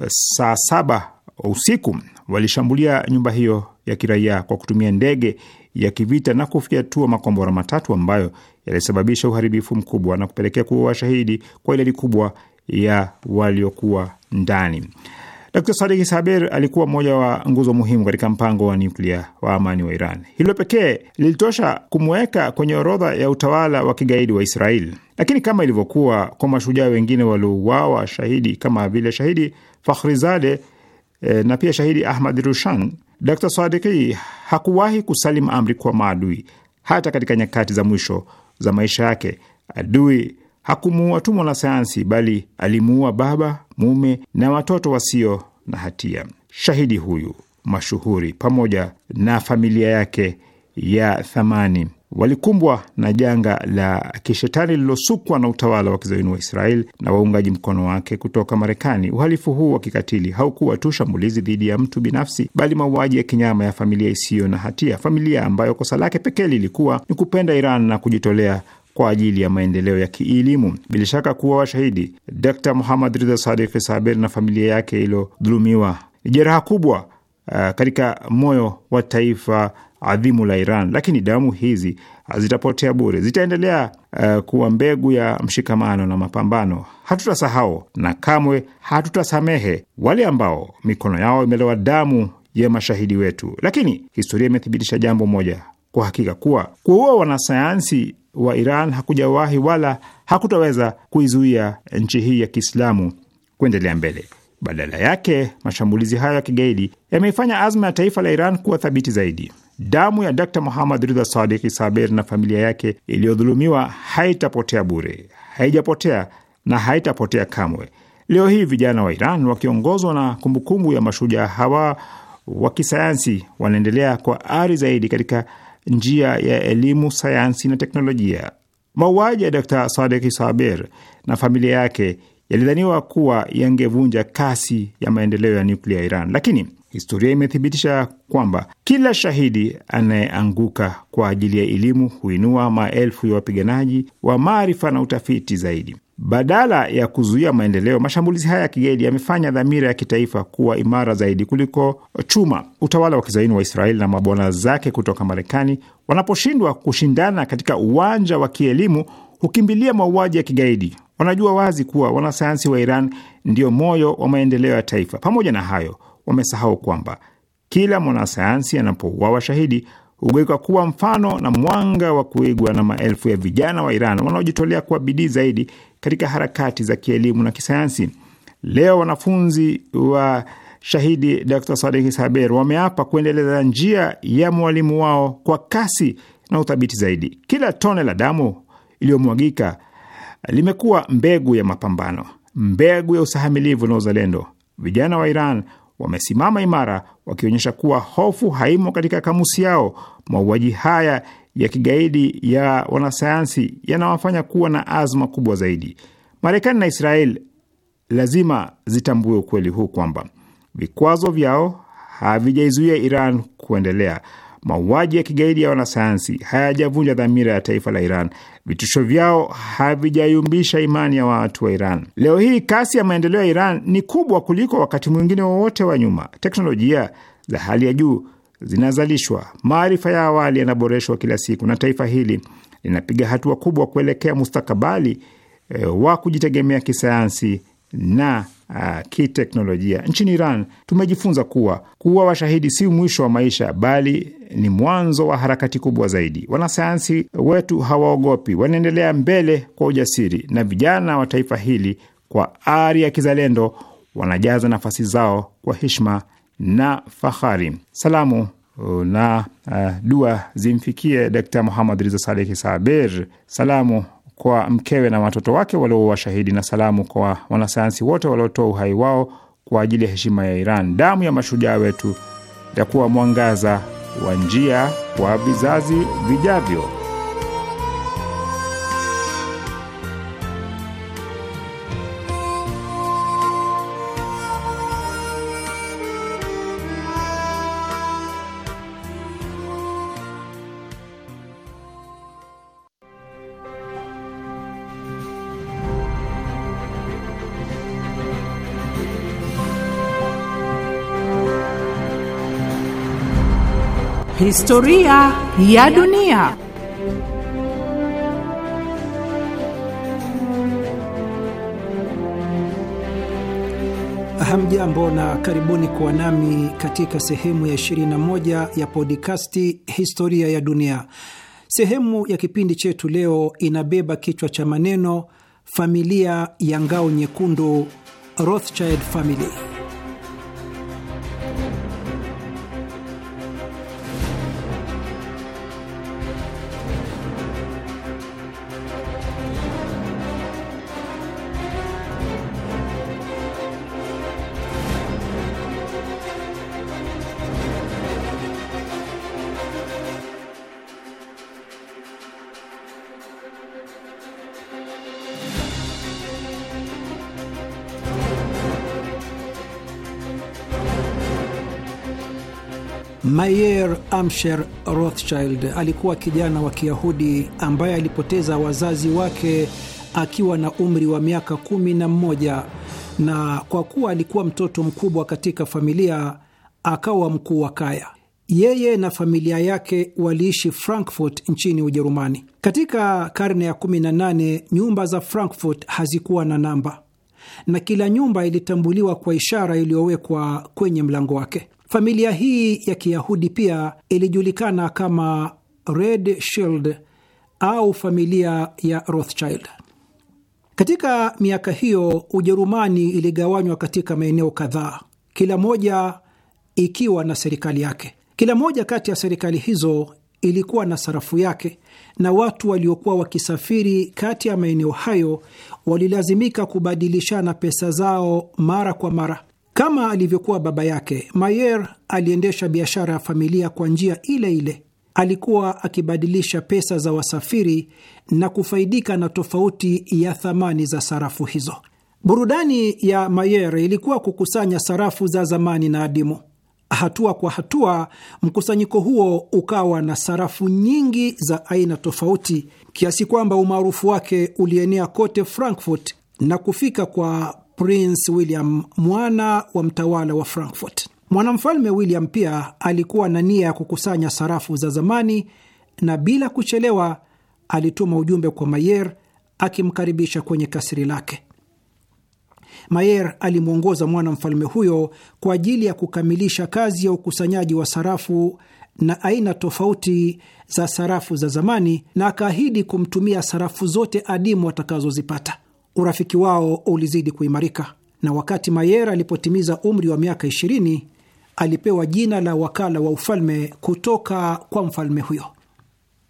eh, saa saba usiku, walishambulia nyumba hiyo ya kiraia kwa kutumia ndege ya kivita na kufyatua makombora matatu ambayo yalisababisha uharibifu mkubwa na kupelekea kuwa washahidi kwa idadi kubwa ya waliokuwa ndani. Dr Sadiki Saber alikuwa mmoja wa nguzo muhimu katika mpango wa nyuklia wa amani wa Iran. Hilo pekee lilitosha kumweka kwenye orodha ya utawala wa kigaidi wa israel Lakini kama ilivyokuwa kwa mashujaa wengine waliouawa shahidi kama vile shahidi Fakhrizade e, eh, na pia shahidi Ahmad Rushan, Dr Sadiki hakuwahi kusalim amri kwa maadui. Hata katika nyakati za mwisho za maisha yake, adui Hakumuua tu mwanasayansi, bali alimuua baba, mume na watoto wasio na hatia. Shahidi huyu mashuhuri pamoja na familia yake ya thamani walikumbwa na janga la kishetani lililosukwa na utawala wa kizayuni wa Israel na waungaji mkono wake kutoka Marekani. Uhalifu huu wa kikatili haukuwa tu shambulizi dhidi ya mtu binafsi, bali mauaji ya kinyama ya familia isiyo na hatia, familia ambayo kosa lake pekee lilikuwa ni kupenda Iran na kujitolea kwa ajili ya maendeleo ya kielimu. Bila shaka kuwa washahidi Dr. Muhammad Ridha Sadiki Saberi na familia yake iliyodhulumiwa ni jeraha kubwa uh, katika moyo wa taifa adhimu la Iran, lakini damu hizi zitapotea bure, zitaendelea uh, kuwa mbegu ya mshikamano na mapambano. Hatutasahau na kamwe hatutasamehe wale ambao mikono yao imelewa damu ya mashahidi wetu. Lakini historia imethibitisha jambo moja kwa hakika, kuwa kuua wanasayansi wa Iran hakujawahi wala hakutaweza kuizuia nchi hii ya Kiislamu kuendelea mbele. Badala yake mashambulizi hayo ya kigaidi yameifanya azma ya taifa la Iran kuwa thabiti zaidi. Damu ya Dr Muhammad Ridha Sadiki Saber na familia yake iliyodhulumiwa haitapotea bure, haijapotea na haitapotea kamwe. Leo hii vijana wa Iran wakiongozwa na kumbukumbu ya mashujaa hawa wa kisayansi wanaendelea kwa ari zaidi katika njia ya elimu, sayansi na teknolojia. Mauaji ya Dr Sadek Saber na familia yake yalidhaniwa kuwa yangevunja kasi ya maendeleo ya nyuklia ya Iran, lakini historia imethibitisha kwamba kila shahidi anayeanguka kwa ajili ya elimu huinua maelfu ya wapiganaji wa maarifa na utafiti zaidi. Badala ya kuzuia maendeleo, mashambulizi haya ya kigaidi yamefanya dhamira ya kitaifa kuwa imara zaidi kuliko chuma. Utawala wa kizaini wa Israeli na mabwana zake kutoka Marekani wanaposhindwa kushindana katika uwanja wa kielimu, hukimbilia mauaji ya kigaidi. Wanajua wazi kuwa wanasayansi wa Iran ndio moyo wa maendeleo ya taifa. Pamoja na hayo, wamesahau kwamba kila mwanasayansi anapouawa shahidi hugeuka kuwa mfano na mwanga wa kuigwa na maelfu ya vijana wa Iran wanaojitolea kwa bidii zaidi katika harakati za kielimu na kisayansi. Leo wanafunzi wa shahidi Dr Sadiq Saber wameapa kuendeleza njia ya mwalimu wao kwa kasi na uthabiti zaidi. Kila tone la damu iliyomwagika limekuwa mbegu ya mapambano, mbegu ya usahamilivu na uzalendo. Vijana wa Iran wamesimama imara wakionyesha kuwa hofu haimo katika kamusi yao. Mauaji haya ya kigaidi ya wanasayansi yanawafanya kuwa na azma kubwa zaidi. Marekani na Israel lazima zitambue ukweli huu kwamba vikwazo vyao havijaizuia Iran kuendelea mauaji ya kigaidi ya wanasayansi hayajavunja dhamira ya taifa la Iran. Vitisho vyao havijayumbisha imani ya watu wa Iran. Leo hii kasi ya maendeleo ya Iran ni kubwa kuliko wakati mwingine wowote wa nyuma. Teknolojia za hali ya juu zinazalishwa, maarifa ya awali yanaboreshwa kila siku, na taifa hili linapiga hatua kubwa kuelekea mustakabali e, wa kujitegemea kisayansi na uh, kiteknolojia. Nchini Iran tumejifunza kuwa kuwa washahidi si mwisho wa maisha, bali ni mwanzo wa harakati kubwa zaidi. Wanasayansi wetu hawaogopi, wanaendelea mbele kwa ujasiri, na vijana wa taifa hili kwa ari ya kizalendo wanajaza nafasi zao kwa heshima na fahari. Salamu uh, na uh, dua zimfikie Dkt Muhamad Riza Salehi Saber. Salamu kwa mkewe na watoto wake waliowashahidi, na salamu kwa wanasayansi wote waliotoa uhai wao kwa ajili ya heshima ya Iran. Damu ya mashujaa wetu itakuwa mwangaza wa njia kwa vizazi vijavyo. Historia ya dunia. Hamjambo na karibuni kuwa nami katika sehemu ya 21 ya podikasti Historia ya Dunia. Sehemu ya kipindi chetu leo inabeba kichwa cha maneno familia ya ngao nyekundu, Rothschild family. Mayer Amsher Rothschild alikuwa kijana wa Kiyahudi ambaye alipoteza wazazi wake akiwa na umri wa miaka kumi na mmoja, na kwa kuwa alikuwa mtoto mkubwa katika familia akawa mkuu wa kaya. Yeye na familia yake waliishi Frankfurt nchini Ujerumani. Katika karne ya 18 nyumba za Frankfurt hazikuwa na namba na kila nyumba ilitambuliwa kwa ishara iliyowekwa kwenye mlango wake. Familia hii ya Kiyahudi pia ilijulikana kama Red Shield au familia ya Rothschild. Katika miaka hiyo Ujerumani iligawanywa katika maeneo kadhaa, kila moja ikiwa na serikali yake. Kila moja kati ya serikali hizo ilikuwa na sarafu yake, na watu waliokuwa wakisafiri kati ya maeneo hayo walilazimika kubadilishana pesa zao mara kwa mara. Kama alivyokuwa baba yake, Mayer aliendesha biashara ya familia kwa njia ile ile. Alikuwa akibadilisha pesa za wasafiri na kufaidika na tofauti ya thamani za sarafu hizo. Burudani ya Mayer ilikuwa kukusanya sarafu za zamani na adimu. Hatua kwa hatua, mkusanyiko huo ukawa na sarafu nyingi za aina tofauti, kiasi kwamba umaarufu wake ulienea kote Frankfurt na kufika kwa Prince William, mwana wa mtawala wa Frankfurt. Mwanamfalme William pia alikuwa na nia ya kukusanya sarafu za zamani na bila kuchelewa alituma ujumbe kwa Mayer akimkaribisha kwenye kasiri lake. Mayer alimwongoza mwanamfalme huyo kwa ajili ya kukamilisha kazi ya ukusanyaji wa sarafu na aina tofauti za sarafu za zamani na akaahidi kumtumia sarafu zote adimu atakazozipata urafiki wao ulizidi kuimarika, na wakati Mayer alipotimiza umri wa miaka 20 alipewa jina la wakala wa ufalme kutoka kwa mfalme huyo.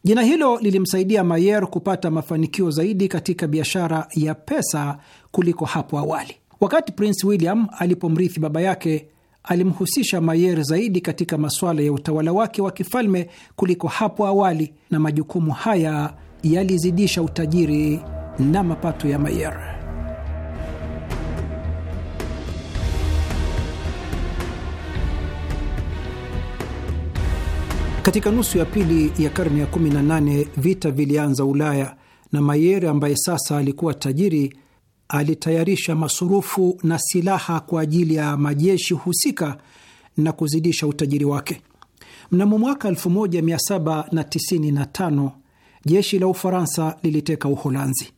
Jina hilo lilimsaidia Mayer kupata mafanikio zaidi katika biashara ya pesa kuliko hapo awali. Wakati Prince William alipomrithi baba yake, alimhusisha Mayer zaidi katika masuala ya utawala wake wa kifalme kuliko hapo awali, na majukumu haya yalizidisha utajiri na mapato ya Mayer. Katika nusu ya pili ya karne ya 18 vita vilianza Ulaya na Mayer ambaye sasa alikuwa tajiri alitayarisha masurufu na silaha kwa ajili ya majeshi husika na kuzidisha utajiri wake. Mnamo mwaka 1795 jeshi la Ufaransa liliteka Uholanzi.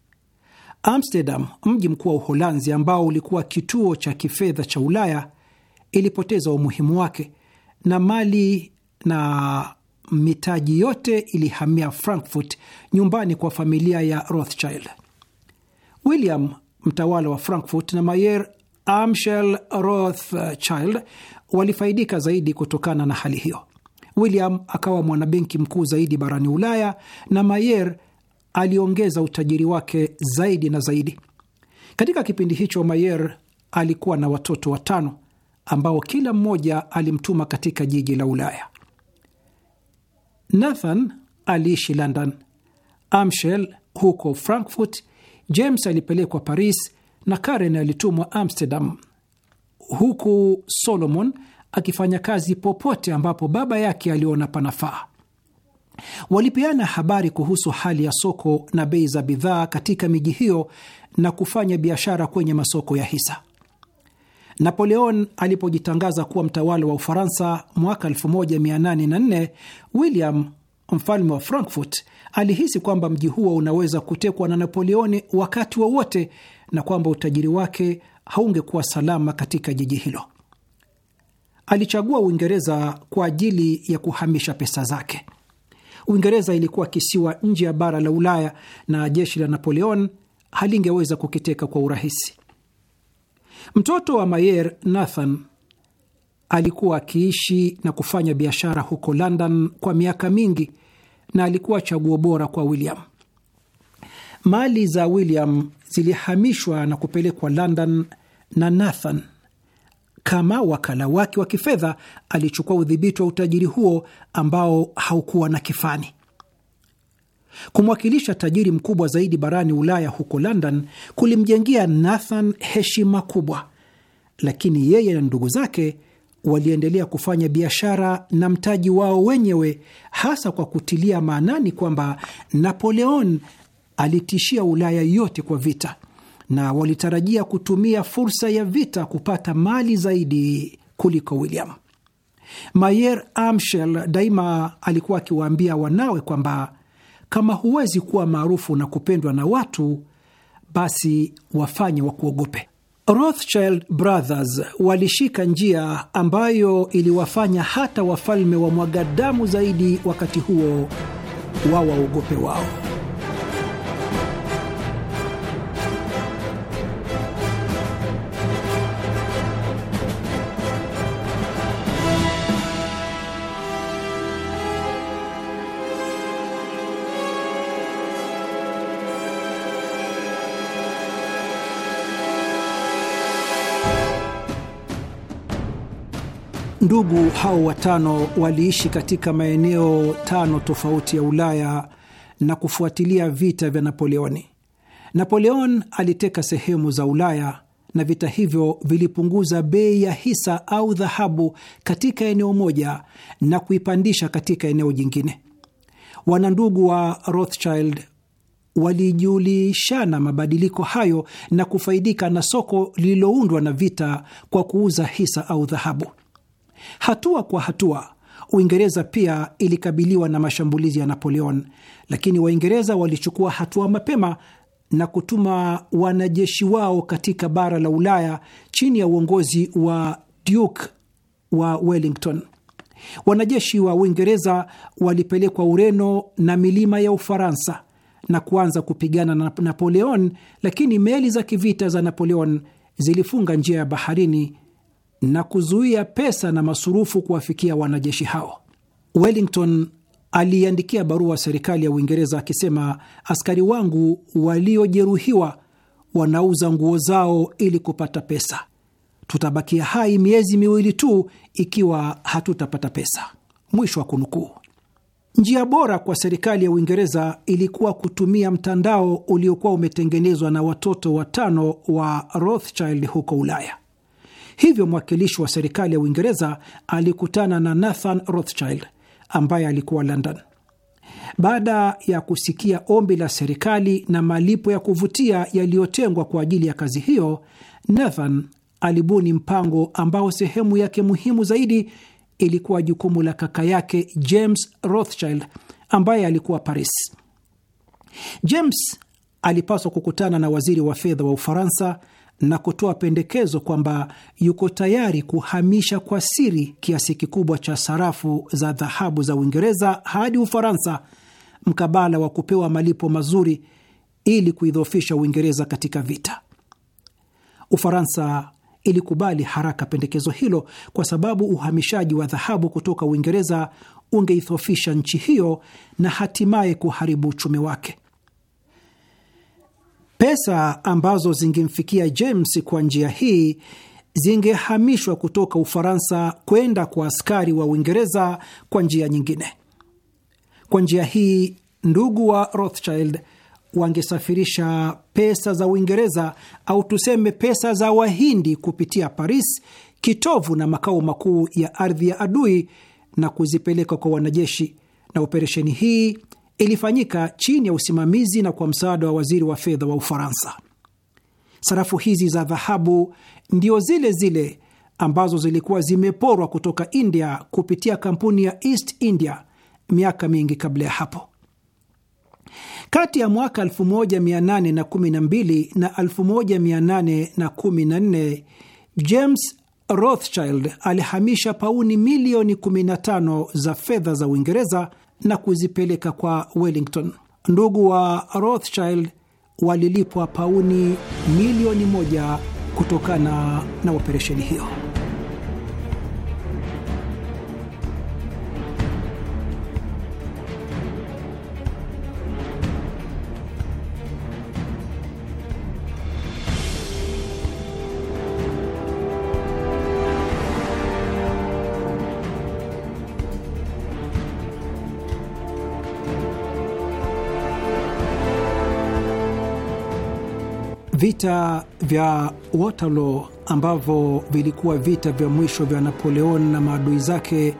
Amsterdam, mji mkuu wa Uholanzi ambao ulikuwa kituo cha kifedha cha Ulaya, ilipoteza umuhimu wake na mali na mitaji yote ilihamia Frankfurt, nyumbani kwa familia ya Rothschild. William mtawala wa Frankfurt na Mayer Amshel Rothschild walifaidika zaidi kutokana na hali hiyo. William akawa mwanabenki mkuu zaidi barani Ulaya na Mayer aliongeza utajiri wake zaidi na zaidi. Katika kipindi hicho, Mayer alikuwa na watoto watano ambao kila mmoja alimtuma katika jiji la Ulaya. Nathan aliishi London, Amshel huko Frankfurt, James alipelekwa Paris na Karen alitumwa Amsterdam, huku Solomon akifanya kazi popote ambapo baba yake aliona panafaa. Walipeana habari kuhusu hali ya soko na bei za bidhaa katika miji hiyo na kufanya biashara kwenye masoko ya hisa. Napoleon alipojitangaza kuwa mtawala wa Ufaransa mwaka 1804, William mfalme wa Frankfurt alihisi kwamba mji huo unaweza kutekwa na Napoleoni wakati wowote wa na kwamba utajiri wake haungekuwa salama katika jiji hilo. Alichagua Uingereza kwa ajili ya kuhamisha pesa zake. Uingereza ilikuwa kisiwa nje ya bara la Ulaya na jeshi la Napoleon halingeweza kukiteka kwa urahisi. Mtoto wa Mayer, Nathan, alikuwa akiishi na kufanya biashara huko London kwa miaka mingi na alikuwa chaguo bora kwa William. Mali za William zilihamishwa na kupelekwa London na Nathan kama wakala wake wa kifedha alichukua udhibiti wa utajiri huo ambao haukuwa na kifani. Kumwakilisha tajiri mkubwa zaidi barani Ulaya huko London kulimjengia Nathan heshima kubwa, lakini yeye na ndugu zake waliendelea kufanya biashara na mtaji wao wenyewe, hasa kwa kutilia maanani kwamba Napoleon alitishia Ulaya yote kwa vita na walitarajia kutumia fursa ya vita kupata mali zaidi kuliko William. Mayer Amshel daima alikuwa akiwaambia wanawe kwamba kama huwezi kuwa maarufu na kupendwa na watu, basi wafanye wa kuogope. Rothschild Brothers walishika njia ambayo iliwafanya hata wafalme wa mwagadamu zaidi wakati huo wawaogope wao. Ndugu hao watano waliishi katika maeneo tano tofauti ya Ulaya na kufuatilia vita vya Napoleoni. Napoleon aliteka sehemu za Ulaya na vita hivyo vilipunguza bei ya hisa au dhahabu katika eneo moja na kuipandisha katika eneo jingine. Wanandugu wa Rothschild walijulishana mabadiliko hayo na kufaidika na soko lililoundwa na vita kwa kuuza hisa au dhahabu. Hatua kwa hatua, Uingereza pia ilikabiliwa na mashambulizi ya Napoleon, lakini Waingereza walichukua hatua mapema na kutuma wanajeshi wao katika bara la Ulaya chini ya uongozi wa Duke wa Wellington. Wanajeshi wa Uingereza walipelekwa Ureno na milima ya Ufaransa na kuanza kupigana na Napoleon, lakini meli za kivita za Napoleon zilifunga njia ya baharini na kuzuia pesa na masurufu kuwafikia wanajeshi hao. Wellington aliiandikia barua serikali ya Uingereza akisema, askari wangu waliojeruhiwa wanauza nguo zao ili kupata pesa. Tutabakia hai miezi miwili tu ikiwa hatutapata pesa. Mwisho wa kunukuu. Njia bora kwa serikali ya Uingereza ilikuwa kutumia mtandao uliokuwa umetengenezwa na watoto watano wa Rothschild huko Ulaya. Hivyo mwakilishi wa serikali ya Uingereza alikutana na Nathan Rothschild ambaye alikuwa London. Baada ya kusikia ombi la serikali na malipo ya kuvutia yaliyotengwa kwa ajili ya kazi hiyo, Nathan alibuni mpango ambao sehemu yake muhimu zaidi ilikuwa jukumu la kaka yake James Rothschild ambaye alikuwa Paris. James alipaswa kukutana na waziri wa fedha wa Ufaransa na kutoa pendekezo kwamba yuko tayari kuhamisha kwa siri kiasi kikubwa cha sarafu za dhahabu za Uingereza hadi Ufaransa mkabala wa kupewa malipo mazuri ili kuidhoofisha Uingereza katika vita. Ufaransa ilikubali haraka pendekezo hilo kwa sababu uhamishaji wa dhahabu kutoka Uingereza ungeidhoofisha nchi hiyo na hatimaye kuharibu uchumi wake. Pesa ambazo zingemfikia James kwa njia hii zingehamishwa kutoka Ufaransa kwenda kwa askari wa Uingereza kwa njia nyingine. Kwa njia hii, ndugu wa Rothschild wangesafirisha pesa za Uingereza au tuseme pesa za Wahindi kupitia Paris, kitovu na makao makuu ya ardhi ya adui, na kuzipeleka kwa wanajeshi, na operesheni hii ilifanyika chini ya usimamizi na kwa msaada wa waziri wa fedha wa Ufaransa. Sarafu hizi za dhahabu ndio zile zile ambazo zilikuwa zimeporwa kutoka India kupitia kampuni ya East India miaka mingi kabla ya hapo. Kati ya mwaka 1812 na 1814 James Rothschild alihamisha pauni milioni 15 za fedha za Uingereza na kuzipeleka kwa Wellington. Ndugu wa Rothschild walilipwa pauni milioni moja kutokana na operesheni hiyo. Vita vya Waterloo ambavyo vilikuwa vita vya mwisho vya Napoleon na maadui zake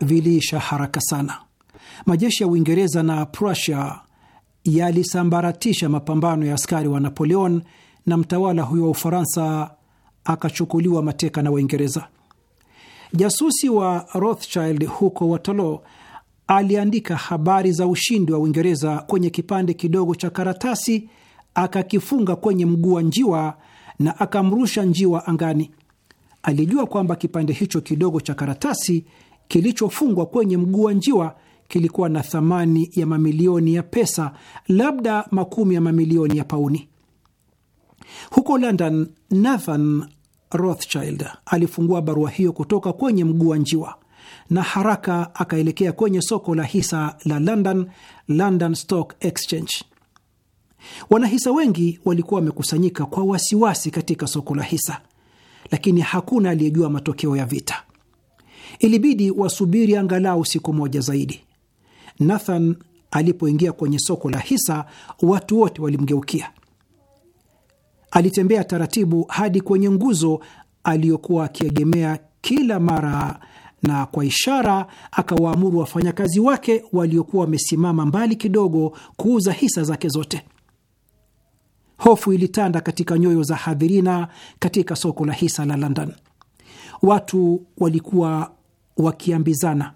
viliisha haraka sana. Majeshi ya Uingereza na Prussia yalisambaratisha mapambano ya askari wa Napoleon na mtawala huyo wa Ufaransa akachukuliwa mateka na Waingereza. Jasusi wa Rothschild huko Waterloo aliandika habari za ushindi wa Uingereza kwenye kipande kidogo cha karatasi akakifunga kwenye mguu wa njiwa na akamrusha njiwa angani. Alijua kwamba kipande hicho kidogo cha karatasi kilichofungwa kwenye mguu wa njiwa kilikuwa na thamani ya mamilioni ya pesa, labda makumi ya mamilioni ya pauni. Huko London, Nathan Rothschild alifungua barua hiyo kutoka kwenye mguu wa njiwa na haraka akaelekea kwenye soko la hisa la London, London Stock Exchange. Wanahisa wengi walikuwa wamekusanyika kwa wasiwasi katika soko la hisa, lakini hakuna aliyejua matokeo ya vita. Ilibidi wasubiri angalau siku moja zaidi. Nathan alipoingia kwenye soko la hisa, watu wote walimgeukia. Alitembea taratibu hadi kwenye nguzo aliyokuwa akiegemea kila mara, na kwa ishara akawaamuru wafanyakazi wake waliokuwa wamesimama mbali kidogo kuuza hisa zake zote. Hofu ilitanda katika nyoyo za hadhirina katika soko la hisa la London. Watu walikuwa wakiambizana,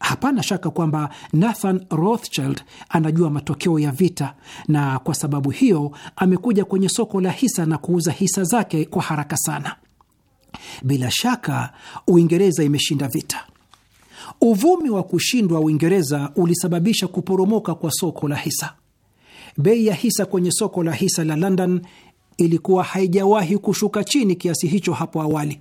hapana shaka kwamba Nathan Rothschild anajua matokeo ya vita, na kwa sababu hiyo amekuja kwenye soko la hisa na kuuza hisa zake kwa haraka sana. Bila shaka Uingereza imeshinda vita. Uvumi wa kushindwa Uingereza ulisababisha kuporomoka kwa soko la hisa. Bei ya hisa kwenye soko la hisa la London ilikuwa haijawahi kushuka chini kiasi hicho hapo awali.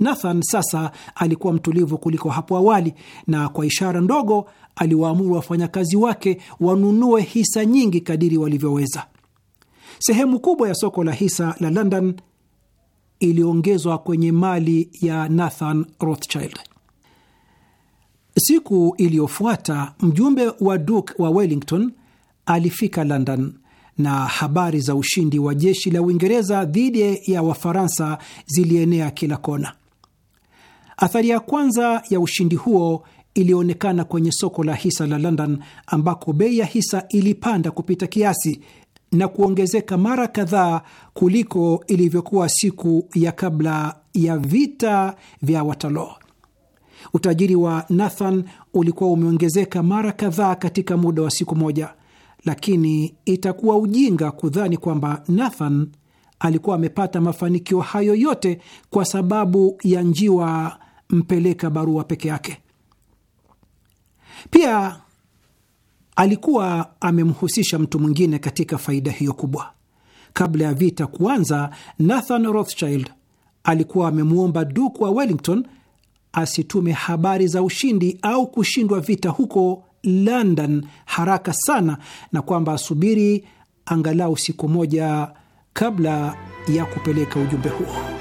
Nathan sasa alikuwa mtulivu kuliko hapo awali, na kwa ishara ndogo aliwaamuru wafanyakazi wake wanunue hisa nyingi kadiri walivyoweza. Sehemu kubwa ya soko la hisa la London iliongezwa kwenye mali ya Nathan Rothschild. Siku iliyofuata mjumbe wa Duke wa Wellington alifika London na habari za ushindi wa jeshi la Uingereza dhidi ya Wafaransa zilienea kila kona. Athari ya kwanza ya ushindi huo ilionekana kwenye soko la hisa la London ambako bei ya hisa ilipanda kupita kiasi na kuongezeka mara kadhaa kuliko ilivyokuwa siku ya kabla ya vita vya Waterloo. Utajiri wa Nathan ulikuwa umeongezeka mara kadhaa katika muda wa siku moja lakini itakuwa ujinga kudhani kwamba Nathan alikuwa amepata mafanikio hayo yote kwa sababu ya njiwa mpeleka barua peke yake. Pia alikuwa amemhusisha mtu mwingine katika faida hiyo kubwa. Kabla ya vita kuanza, Nathan Rothschild alikuwa amemwomba duku wa Wellington asitume habari za ushindi au kushindwa vita huko London haraka sana na kwamba asubiri angalau siku moja kabla ya kupeleka ujumbe huo.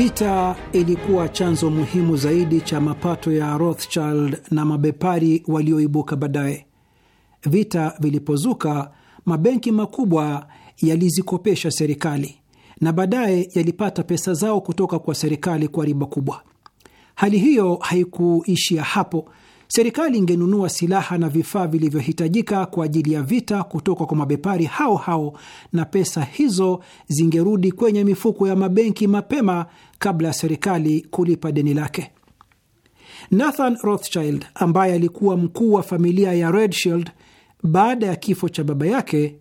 Vita ilikuwa chanzo muhimu zaidi cha mapato ya Rothschild na mabepari walioibuka baadaye. Vita vilipozuka, mabenki makubwa yalizikopesha serikali na baadaye yalipata pesa zao kutoka kwa serikali kwa riba kubwa. Hali hiyo haikuishia hapo, serikali ingenunua silaha na vifaa vilivyohitajika kwa ajili ya vita kutoka kwa mabepari hao hao, na pesa hizo zingerudi kwenye mifuko ya mabenki mapema kabla ya serikali kulipa deni lake. Nathan Rothschild ambaye alikuwa mkuu wa familia ya Rothschild baada ya kifo cha baba yake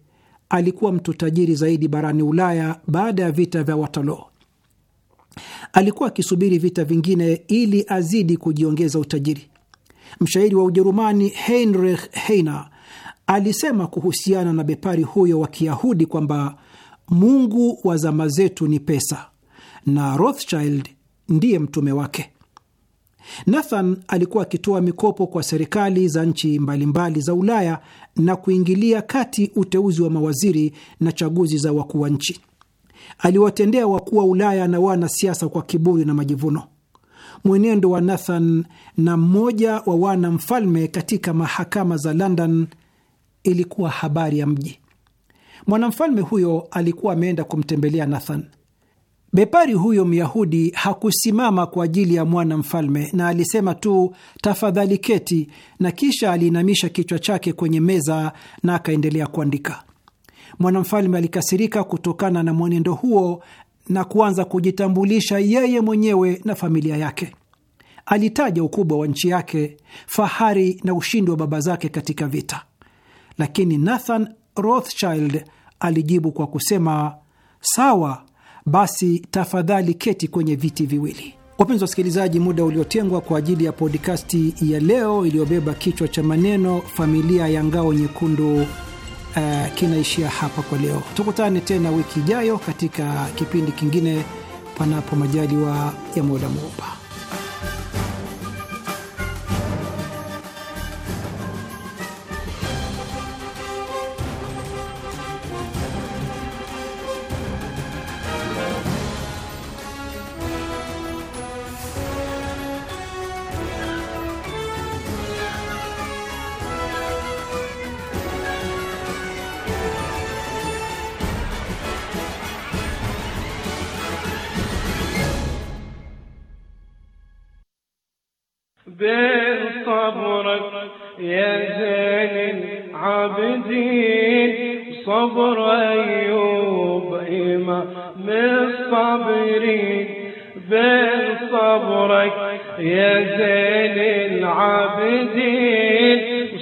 alikuwa mtu tajiri zaidi barani Ulaya baada ya vita vya Waterloo. Alikuwa akisubiri vita vingine ili azidi kujiongeza utajiri. Mshairi wa Ujerumani Heinrich Heine alisema kuhusiana na bepari huyo wa Kiyahudi kwamba Mungu wa zama zetu ni pesa na Rothschild ndiye mtume wake. Nathan alikuwa akitoa mikopo kwa serikali za nchi mbalimbali za Ulaya na kuingilia kati uteuzi wa mawaziri na chaguzi za wakuu wa nchi. Aliwatendea wakuu wa Ulaya na wanasiasa kwa kiburi na majivuno mwenendo wa Nathan na mmoja wa wana mfalme katika mahakama za London ilikuwa habari ya mji. Mwanamfalme huyo alikuwa ameenda kumtembelea Nathan. Bepari huyo Myahudi hakusimama kwa ajili ya mwanamfalme na alisema tu, tafadhali keti, na kisha aliinamisha kichwa chake kwenye meza na akaendelea kuandika. Mwanamfalme alikasirika kutokana na mwenendo huo na kuanza kujitambulisha yeye mwenyewe na familia yake. Alitaja ukubwa wa nchi yake, fahari na ushindi wa baba zake katika vita, lakini Nathan Rothschild alijibu kwa kusema, sawa basi, tafadhali keti kwenye viti viwili. Wapenzi wasikilizaji, muda uliotengwa kwa ajili ya podkasti ya leo iliyobeba kichwa cha maneno familia ya ngao nyekundu Eh, kinaishia hapa kwa leo. Tukutane tena wiki ijayo katika kipindi kingine, panapo majaliwa ya Mola Muumba. يا زين العابدين صبر أيوب إمام الصابرين بين صبرك يا زين العابدين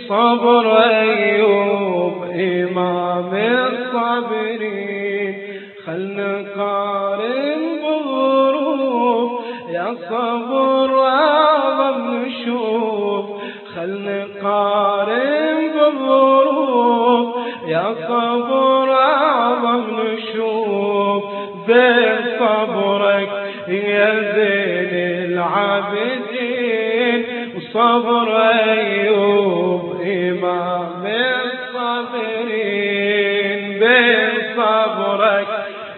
صبر أيوب إمام الصابرين خلنا نقارن بالظروف يا صبر بين صبرك يا زين العابدين وصبر أيوب إمام الصابرين بين صبرك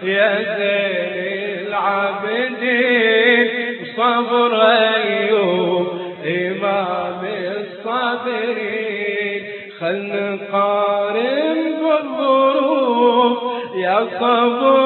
يا زين العابدين وصبر أيوب إمام الصابرين خل نقارن بالظروف يا صبر